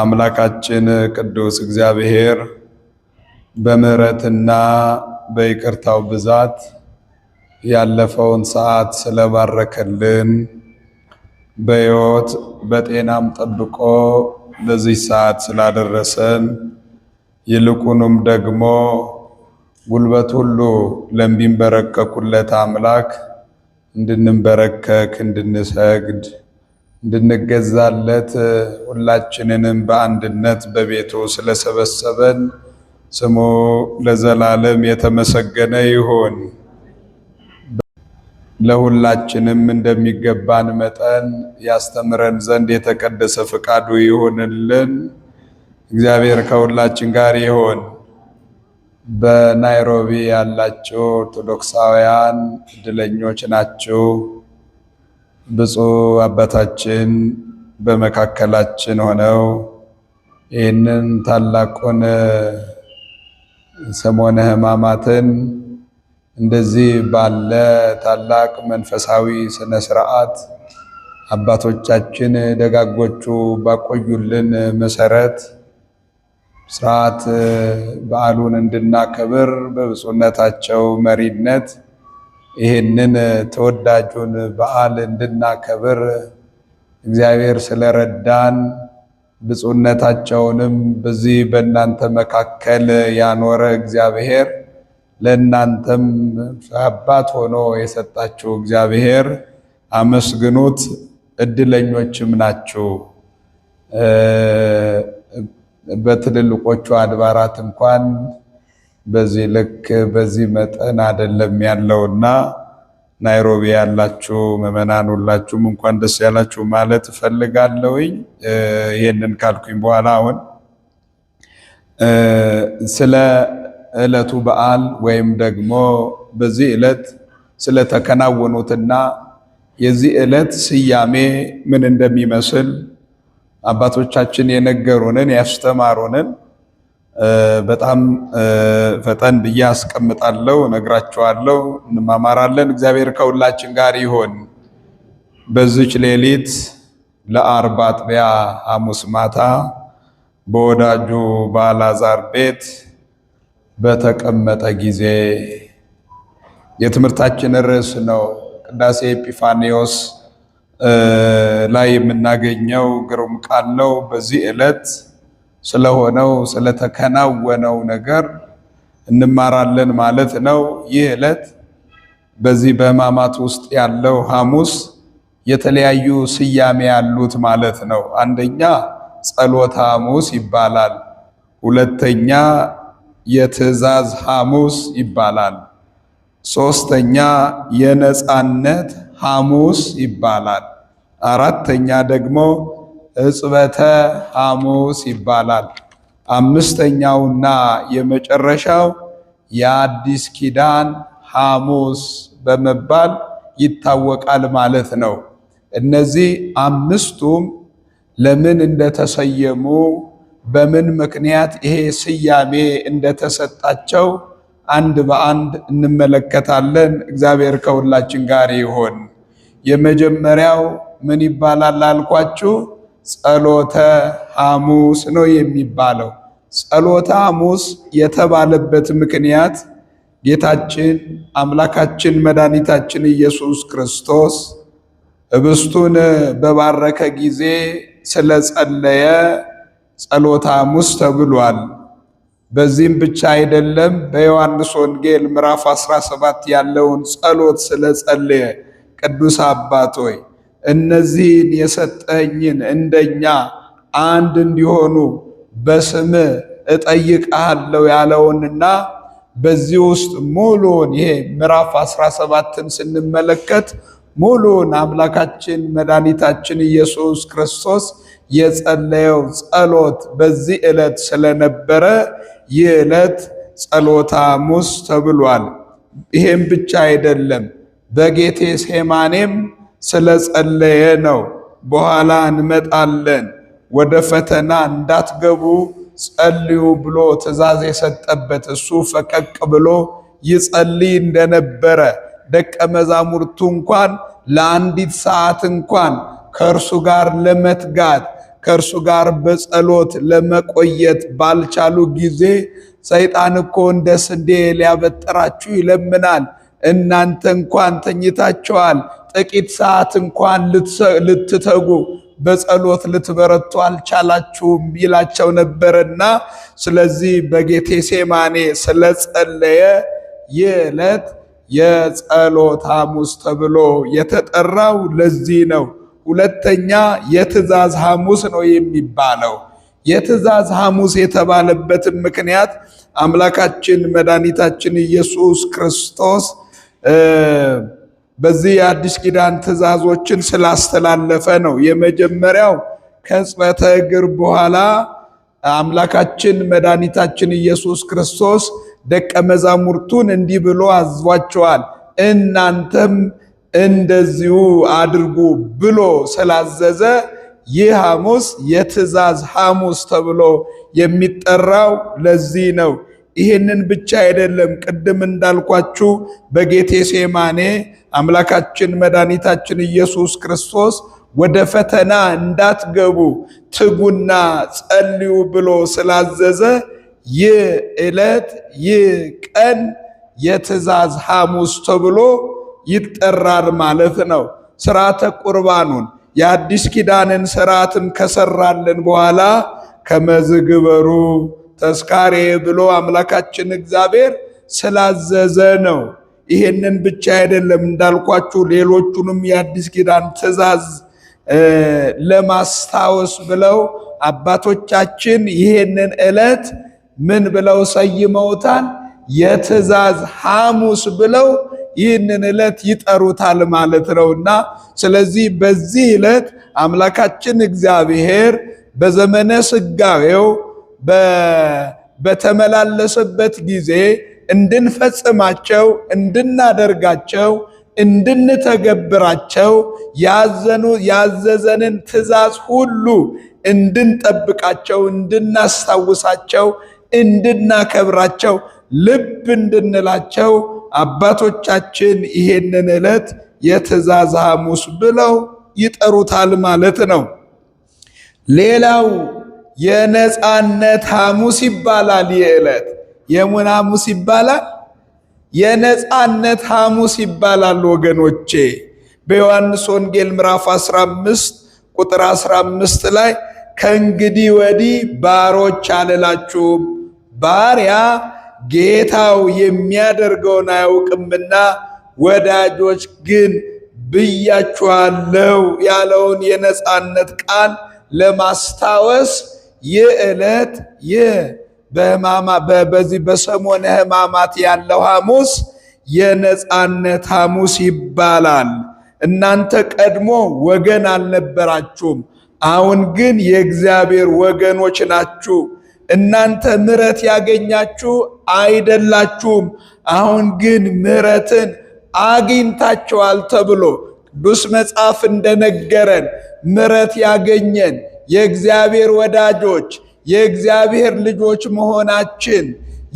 አምላካችን ቅዱስ እግዚአብሔር በምሕረትና በይቅርታው ብዛት ያለፈውን ሰዓት ስለባረከልን በሕይወት በጤናም ጠብቆ ለዚህ ሰዓት ስላደረሰን ይልቁንም ደግሞ ጉልበት ሁሉ ለሚንበረከኩለት አምላክ እንድንበረከክ፣ እንድንሰግድ፣ እንድንገዛለት ሁላችንንም በአንድነት በቤቱ ስለሰበሰበን ስሙ ለዘላለም የተመሰገነ ይሁን። ለሁላችንም እንደሚገባን መጠን ያስተምረን ዘንድ የተቀደሰ ፈቃዱ ይሁንልን። እግዚአብሔር ከሁላችን ጋር ይሆን በናይሮቢ ያላችሁ ኦርቶዶክሳውያን እድለኞች ናችሁ። ብፁዕ አባታችን በመካከላችን ሆነው ይህንን ታላቁን ሰሞነ ሕማማትን እንደዚህ ባለ ታላቅ መንፈሳዊ ስነ ስርዓት አባቶቻችን ደጋጎቹ ባቆዩልን መሰረት ስርዓት በዓሉን እንድናከብር በብፁዕነታቸው መሪነት ይህንን ተወዳጁን በዓል እንድናከብር እግዚአብሔር ስለረዳን ብፁዕነታቸውንም በዚህ በእናንተ መካከል ያኖረ እግዚአብሔር ለእናንተም አባት ሆኖ የሰጣችሁ እግዚአብሔር አመስግኑት፣ እድለኞችም ናችሁ። በትልልቆቹ አድባራት እንኳን በዚህ ልክ በዚህ መጠን አይደለም ያለውና ናይሮቢ ያላችሁ ምዕመናን ሁላችሁም እንኳን ደስ ያላችሁ ማለት እፈልጋለሁኝ። ይህንን ካልኩኝ በኋላ አሁን ስለ ዕለቱ በዓል ወይም ደግሞ በዚህ ዕለት ስለተከናወኑትና የዚህ ዕለት ስያሜ ምን እንደሚመስል አባቶቻችን የነገሩንን ያስተማሩንን በጣም ፈጠን ብዬ አስቀምጣለሁ፣ ነግራችኋለሁ፣ እንማማራለን። እግዚአብሔር ከሁላችን ጋር ይሆን። በዚች ሌሊት ለአርባ አጥቢያ ሐሙስ ማታ በወዳጁ ባላዛር ቤት በተቀመጠ ጊዜ የትምህርታችን ርዕስ ነው። ቅዳሴ ኤጲፋኒዎስ ላይ የምናገኘው ግሩም ቃል ነው። በዚህ ዕለት ስለሆነው ስለተከናወነው ነገር እንማራለን ማለት ነው። ይህ ዕለት በዚህ በሕማማት ውስጥ ያለው ሐሙስ የተለያዩ ስያሜ ያሉት ማለት ነው። አንደኛ ጸሎተ ሐሙስ ይባላል። ሁለተኛ የትእዛዝ ሐሙስ ይባላል። ሶስተኛ የነጻነት ሐሙስ ይባላል። አራተኛ ደግሞ እጽበተ ሐሙስ ይባላል። አምስተኛውና የመጨረሻው የአዲስ ኪዳን ሐሙስ በመባል ይታወቃል ማለት ነው። እነዚህ አምስቱም ለምን እንደተሰየሙ በምን ምክንያት ይሄ ስያሜ እንደተሰጣቸው አንድ በአንድ እንመለከታለን። እግዚአብሔር ከሁላችን ጋር ይሆን። የመጀመሪያው ምን ይባላል አልኳችሁ? ጸሎተ ሐሙስ ነው የሚባለው። ጸሎተ ሐሙስ የተባለበት ምክንያት ጌታችን አምላካችን መድኃኒታችን ኢየሱስ ክርስቶስ ህብስቱን በባረከ ጊዜ ስለጸለየ ጸሎተ ሐሙስ ተብሏል። በዚህም ብቻ አይደለም፣ በዮሐንስ ወንጌል ምዕራፍ 17 ያለውን ጸሎት ስለጸለየ ቅዱስ አባት ሆይ እነዚህን የሰጠኝን እንደኛ አንድ እንዲሆኑ በስም እጠይቅሃለሁ ያለውንና በዚህ ውስጥ ሙሉውን ይሄ ምዕራፍ 17ን ስንመለከት ሙሉን አምላካችን መድኃኒታችን ኢየሱስ ክርስቶስ የጸለየው ጸሎት በዚህ ዕለት ስለነበረ ይህ ዕለት ጸሎተ ሐሙስ ተብሏል። ይሄም ብቻ አይደለም፣ በጌቴ ሴማኔም ስለጸለየ ነው። በኋላ እንመጣለን። ወደ ፈተና እንዳትገቡ ጸልዩ ብሎ ትእዛዝ የሰጠበት እሱ ፈቀቅ ብሎ ይጸልይ እንደነበረ ደቀ መዛሙርቱ እንኳን ለአንዲት ሰዓት እንኳን ከእርሱ ጋር ለመትጋት ከእርሱ ጋር በጸሎት ለመቆየት ባልቻሉ ጊዜ ሰይጣን እኮ እንደ ስንዴ ሊያበጥራችሁ ይለምናል። እናንተ እንኳን ተኝታችኋል። ጥቂት ሰዓት እንኳን ልትተጉ በጸሎት ልትበረቱ አልቻላችሁም ይላቸው ነበርና፣ ስለዚህ በጌቴሴማኔ ስለጸለየ ይህ ዕለት የጸሎት ሐሙስ ተብሎ የተጠራው ለዚህ ነው። ሁለተኛ የትእዛዝ ሐሙስ ነው የሚባለው። የትእዛዝ ሐሙስ የተባለበትም ምክንያት አምላካችን መድኃኒታችን ኢየሱስ ክርስቶስ በዚህ የአዲስ ኪዳን ትእዛዞችን ስላስተላለፈ ነው። የመጀመሪያው ከሕጽበተ እግር በኋላ አምላካችን መድኃኒታችን ኢየሱስ ክርስቶስ ደቀ መዛሙርቱን እንዲህ ብሎ አዟቸዋል፣ እናንተም እንደዚሁ አድርጉ ብሎ ስላዘዘ ይህ ሐሙስ የትእዛዝ ሐሙስ ተብሎ የሚጠራው ለዚህ ነው። ይህንን ብቻ አይደለም። ቅድም እንዳልኳችሁ በጌቴ ሴማኔ አምላካችን መድኃኒታችን ኢየሱስ ክርስቶስ ወደ ፈተና እንዳትገቡ ትጉና ጸልዩ ብሎ ስላዘዘ ይህ ዕለት ይህ ቀን የትእዛዝ ሐሙስ ተብሎ ይጠራል ማለት ነው። ስርዓተ ቁርባኑን የአዲስ ኪዳንን ስርዓትን ከሰራልን በኋላ ከመዝግበሩ ተስካሬ ብሎ አምላካችን እግዚአብሔር ስላዘዘ ነው። ይሄንን ብቻ አይደለም እንዳልኳችሁ ሌሎቹንም የአዲስ ኪዳን ትእዛዝ ለማስታወስ ብለው አባቶቻችን ይሄንን ዕለት ምን ብለው ሰይመውታል? የትእዛዝ ሐሙስ ብለው ይህንን ዕለት ይጠሩታል ማለት ነውና፣ ስለዚህ በዚህ ዕለት አምላካችን እግዚአብሔር በዘመነ ስጋዌው በተመላለሰበት ጊዜ እንድንፈጽማቸው፣ እንድናደርጋቸው፣ እንድንተገብራቸው ያዘዘንን ትእዛዝ ሁሉ እንድንጠብቃቸው፣ እንድናስታውሳቸው እንድናከብራቸው ልብ እንድንላቸው አባቶቻችን ይሄንን ዕለት የትእዛዝ ሐሙስ ብለው ይጠሩታል ማለት ነው። ሌላው የነፃነት ሐሙስ ይባላል። ይህ ዕለት የምን ሐሙስ ይባላል? የነፃነት ሐሙስ ይባላል። ወገኖቼ በዮሐንስ ወንጌል ምዕራፍ 15 ቁጥር 15 ላይ ከእንግዲህ ወዲህ ባሮች አልላችሁም ባሪያ ጌታው የሚያደርገውን አያውቅምና ወዳጆች ግን ብያችኋለሁ ያለውን የነፃነት ቃል ለማስታወስ ይህ ዕለት በዚህ በሰሞነ ሕማማት ያለው ሐሙስ የነፃነት ሐሙስ ይባላል። እናንተ ቀድሞ ወገን አልነበራችሁም፣ አሁን ግን የእግዚአብሔር ወገኖች ናችሁ። እናንተ ምሕረት ያገኛችሁ አይደላችሁም፣ አሁን ግን ምሕረትን አግኝታችኋል ተብሎ ቅዱስ መጽሐፍ እንደነገረን ምሕረት ያገኘን የእግዚአብሔር ወዳጆች የእግዚአብሔር ልጆች መሆናችን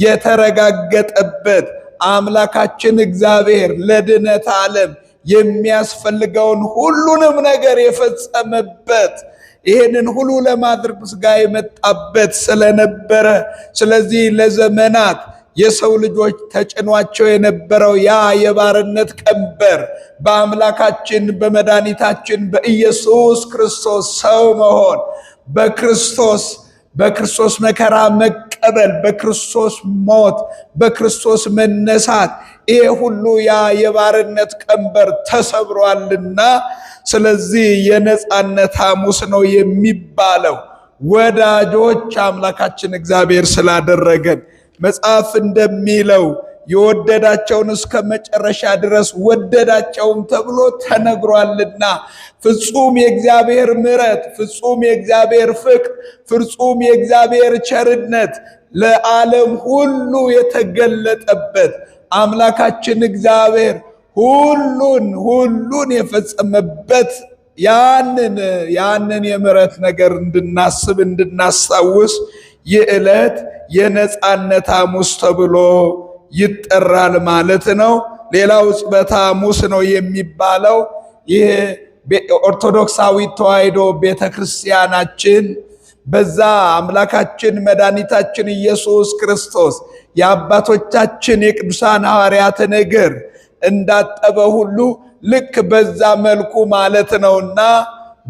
የተረጋገጠበት አምላካችን እግዚአብሔር ለድነት ዓለም የሚያስፈልገውን ሁሉንም ነገር የፈጸመበት ይህንን ሁሉ ለማድረግ ስጋ የመጣበት ስለነበረ ስለዚህ ለዘመናት የሰው ልጆች ተጭኗቸው የነበረው ያ የባርነት ቀንበር በአምላካችን በመድኃኒታችን በኢየሱስ ክርስቶስ ሰው መሆን በክርስቶስ በክርስቶስ መከራ መቀበል፣ በክርስቶስ ሞት፣ በክርስቶስ መነሳት ይሄ ሁሉ ያ የባርነት ቀንበር ተሰብሯልና ስለዚህ የነፃነት ሐሙስ ነው የሚባለው ወዳጆች አምላካችን እግዚአብሔር ስላደረገን መጽሐፍ እንደሚለው የወደዳቸውን እስከ መጨረሻ ድረስ ወደዳቸውም ተብሎ ተነግሯልና ፍጹም የእግዚአብሔር ምሕረት፣ ፍጹም የእግዚአብሔር ፍቅር፣ ፍጹም የእግዚአብሔር ቸርነት ለዓለም ሁሉ የተገለጠበት አምላካችን እግዚአብሔር ሁሉን ሁሉን የፈጸመበት ያንን ያንን የምሕረት ነገር እንድናስብ እንድናስታውስ ይህ ዕለት የነፃነት ሐሙስ ተብሎ ይጠራል ማለት ነው። ሌላው ጽበተ ሐሙስ ነው የሚባለው። ይህ ኦርቶዶክሳዊ ተዋሕዶ ቤተ ክርስቲያናችን በዛ አምላካችን መድኃኒታችን ኢየሱስ ክርስቶስ የአባቶቻችን የቅዱሳን ሐዋርያትን እግር እንዳጠበ ሁሉ ልክ በዛ መልኩ ማለት ነውና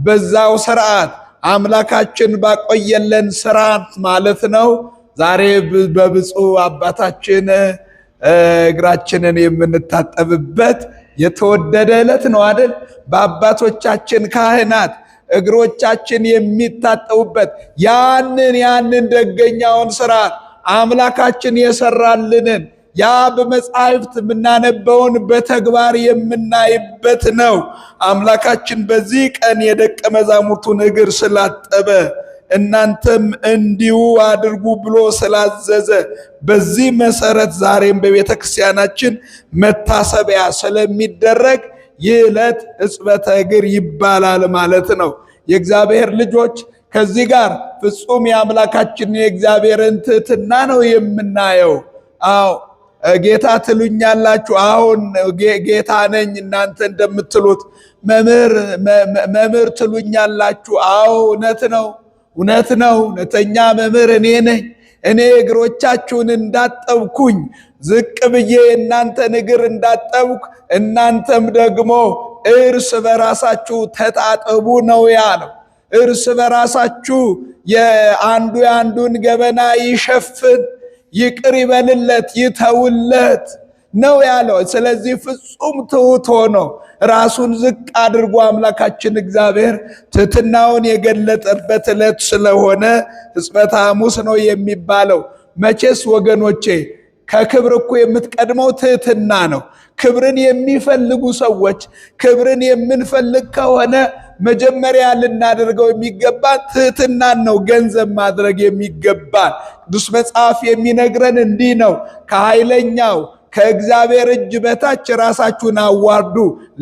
በዛው ስርዓት አምላካችን ባቆየለን ስርዓት ማለት ነው። ዛሬ በብፁዕ አባታችን እግራችንን የምንታጠብበት የተወደደ ዕለት ነው አይደል? በአባቶቻችን ካህናት እግሮቻችን የሚታጠቡበት ያንን ያንን ደገኛውን ስርዓት አምላካችን የሰራልንን ያ በመጻሕፍት የምናነበውን በተግባር የምናይበት ነው። አምላካችን በዚህ ቀን የደቀ መዛሙርቱን እግር ስላጠበ እናንተም እንዲሁ አድርጉ ብሎ ስላዘዘ በዚህ መሰረት ዛሬም በቤተ ክርስቲያናችን መታሰቢያ ስለሚደረግ ይህ ዕለት ሕጽበተ እግር ይባላል ማለት ነው። የእግዚአብሔር ልጆች ከዚህ ጋር ፍጹም የአምላካችን የእግዚአብሔርን ትሕትና ነው የምናየው። አዎ ጌታ ትሉኛላችሁ? አሁን ጌታ ነኝ። እናንተ እንደምትሉት መምህር መምህር ትሉኛላችሁ? አዎ እውነት ነው፣ እውነት ነው። እውነተኛ መምህር እኔ ነኝ። እኔ እግሮቻችሁን እንዳጠብኩኝ ዝቅ ብዬ እናንተን እግር እንዳጠብኩ እናንተም ደግሞ እርስ በራሳችሁ ተጣጠቡ ነው ያለው። እርስ በራሳችሁ የአንዱ የአንዱን ገበና ይሸፍን ይቅር ይበልለት ይተውለት ነው ያለው። ስለዚህ ፍጹም ትሑት ሆኖ ራሱን ዝቅ አድርጎ አምላካችን እግዚአብሔር ትሕትናውን የገለጠበት ዕለት ስለሆነ ሕጽበተ ሐሙስ ነው የሚባለው። መቼስ ወገኖቼ ከክብር እኮ የምትቀድመው ትሕትና ነው። ክብርን የሚፈልጉ ሰዎች ክብርን የምንፈልግ ከሆነ መጀመሪያ ልናደርገው የሚገባን ትህትናን ነው ገንዘብ ማድረግ የሚገባን። ቅዱስ መጽሐፍ የሚነግረን እንዲህ ነው፣ ከኃይለኛው ከእግዚአብሔር እጅ በታች ራሳችሁን አዋርዱ፣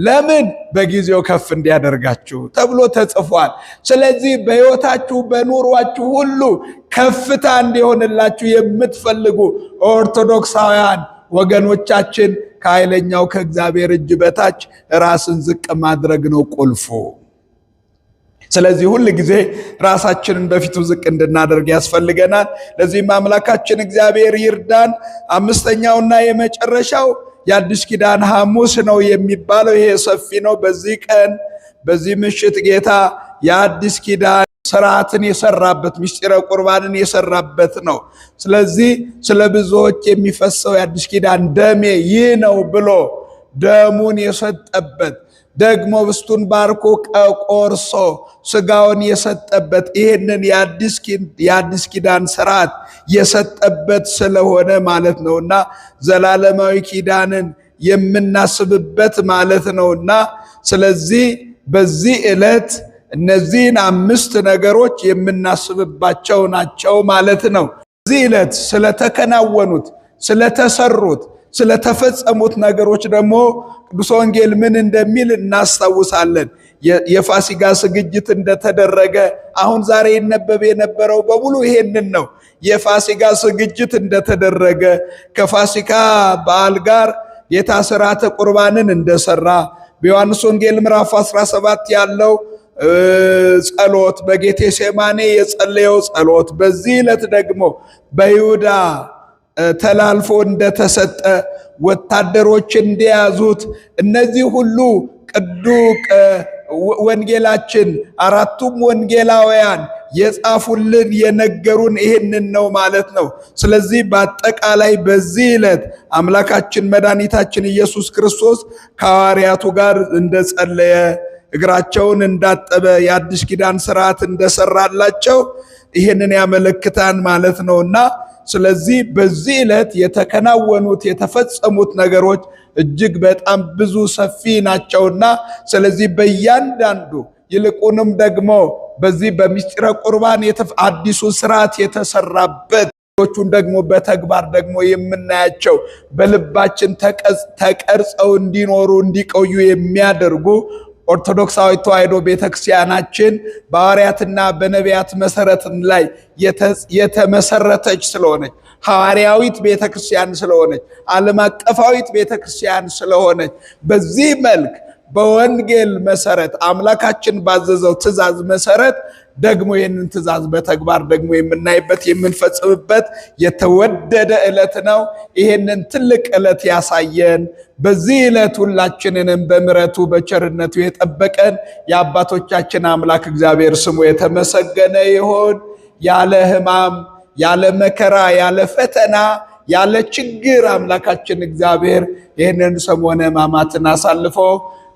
ለምን በጊዜው ከፍ እንዲያደርጋችሁ ተብሎ ተጽፏል። ስለዚህ በሕይወታችሁ በኑሯችሁ ሁሉ ከፍታ እንዲሆንላችሁ የምትፈልጉ ኦርቶዶክሳውያን ወገኖቻችን ከኃይለኛው ከእግዚአብሔር እጅ በታች ራስን ዝቅ ማድረግ ነው ቁልፉ። ስለዚህ ሁል ጊዜ ራሳችንን በፊቱ ዝቅ እንድናደርግ ያስፈልገናል። ለዚህም አምላካችን እግዚአብሔር ይርዳን። አምስተኛውና የመጨረሻው የአዲስ ኪዳን ሐሙስ ነው የሚባለው። ይሄ ሰፊ ነው። በዚህ ቀን በዚህ ምሽት ጌታ የአዲስ ኪዳን ስርዓትን የሰራበት ምስጢረ ቁርባንን የሰራበት ነው። ስለዚህ ስለ ብዙዎች የሚፈሰው የአዲስ ኪዳን ደሜ ይህ ነው ብሎ ደሙን የሰጠበት ደግሞ ብስቱን ባርኮ ቆርሶ ስጋውን የሰጠበት ይህንን የአዲስ ኪዳን ስርዓት የሰጠበት ስለሆነ ማለት ነውና ዘላለማዊ ኪዳንን የምናስብበት ማለት ነውና ስለዚህ በዚህ ዕለት እነዚህን አምስት ነገሮች የምናስብባቸው ናቸው ማለት ነው። በዚህ ዕለት ስለተከናወኑት ስለተሰሩት ስለተፈጸሙት ነገሮች ደግሞ ቅዱስ ወንጌል ምን እንደሚል እናስታውሳለን። የፋሲጋ ዝግጅት እንደተደረገ አሁን ዛሬ ይነበብ የነበረው በሙሉ ይሄንን ነው። የፋሲጋ ዝግጅት እንደተደረገ ከፋሲካ በዓል ጋር ጌታ ስርዓተ ቁርባንን እንደሰራ በዮሐንስ ወንጌል ምዕራፍ 17 ያለው ጸሎት፣ በጌቴሴማኔ የጸለየው ጸሎት፣ በዚህ ዕለት ደግሞ በይሁዳ ተላልፎ እንደተሰጠ ወታደሮች እንደያዙት እነዚህ ሁሉ ቅዱቅ ወንጌላችን አራቱም ወንጌላውያን የጻፉልን የነገሩን ይህንን ነው ማለት ነው። ስለዚህ በአጠቃላይ በዚህ ዕለት አምላካችን መድኃኒታችን ኢየሱስ ክርስቶስ ከሐዋርያቱ ጋር እንደጸለየ እግራቸውን እንዳጠበ የአዲስ ኪዳን ስርዓት እንደሰራላቸው ይህንን ያመለክታን ማለት ነው እና ስለዚህ በዚህ ዕለት የተከናወኑት የተፈጸሙት ነገሮች እጅግ በጣም ብዙ ሰፊ ናቸውና ስለዚህ በእያንዳንዱ ይልቁንም ደግሞ በዚህ በምስጢረ ቁርባን አዲሱ ስርዓት የተሰራበት ቹን ደግሞ በተግባር ደግሞ የምናያቸው በልባችን ተቀርጸው እንዲኖሩ እንዲቆዩ የሚያደርጉ ኦርቶዶክሳዊ ተዋሕዶ ቤተክርስቲያናችን በሐዋርያትና በነቢያት መሰረት ላይ የተመሰረተች ስለሆነች ሐዋርያዊት ቤተክርስቲያን ስለሆነች ዓለም አቀፋዊት ቤተክርስቲያን ስለሆነች በዚህ መልክ በወንጌል መሰረት አምላካችን ባዘዘው ትእዛዝ መሰረት ደግሞ ይህንን ትእዛዝ በተግባር ደግሞ የምናይበት የምንፈጽምበት የተወደደ ዕለት ነው። ይህንን ትልቅ ዕለት ያሳየን። በዚህ ዕለት ሁላችንንም በምረቱ በቸርነቱ የጠበቀን የአባቶቻችን አምላክ እግዚአብሔር ስሙ የተመሰገነ ይሁን። ያለ ሕማም ያለ መከራ ያለ ፈተና ያለ ችግር አምላካችን እግዚአብሔር ይህንን ሰሞነ ሕማማትን አሳልፎ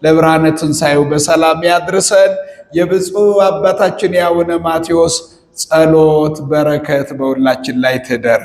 ለብርሃነ ትንሣኤው በሰላም ያድርሰን። የብፁዕ አባታችን የአቡነ ማቴዎስ ጸሎት በረከት በሁላችን ላይ ትደር።